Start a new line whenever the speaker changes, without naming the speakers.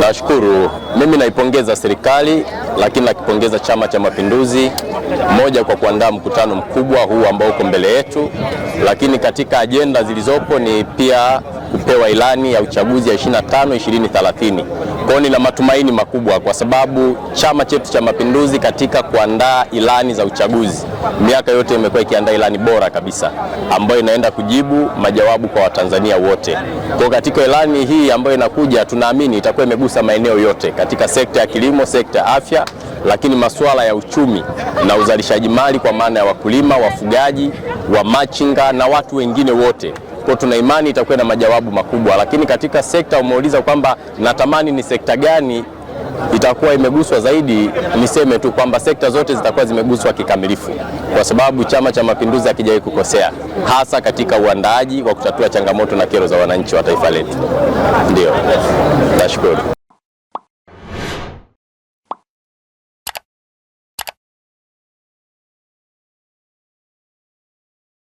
Nashukuru, mimi naipongeza serikali, lakini nakipongeza Chama cha Mapinduzi moja kwa kuandaa mkutano mkubwa huu ambao uko mbele yetu, lakini katika ajenda zilizopo ni pia kupewa ilani ya uchaguzi ya 25 2030. Kwa hiyo nina matumaini makubwa kwa sababu chama chetu cha Mapinduzi katika kuandaa ilani za uchaguzi miaka yote imekuwa ikiandaa ilani bora kabisa ambayo inaenda kujibu majawabu kwa Watanzania wote. Kwa katika ilani hii ambayo inakuja, tunaamini itakuwa imegusa maeneo yote katika sekta ya kilimo, sekta ya afya, lakini masuala ya uchumi na uzalishaji mali kwa maana ya wakulima, wafugaji, wa machinga na watu wengine wote kwa tuna imani itakuwa na majawabu makubwa, lakini katika sekta umeuliza kwamba natamani ni sekta gani itakuwa imeguswa zaidi. Niseme tu kwamba sekta zote zitakuwa zimeguswa kikamilifu, kwa sababu Chama cha Mapinduzi hakijawai kukosea, hasa katika uandaaji wa kutatua changamoto na kero za wananchi wa taifa letu. Ndio, nashukuru.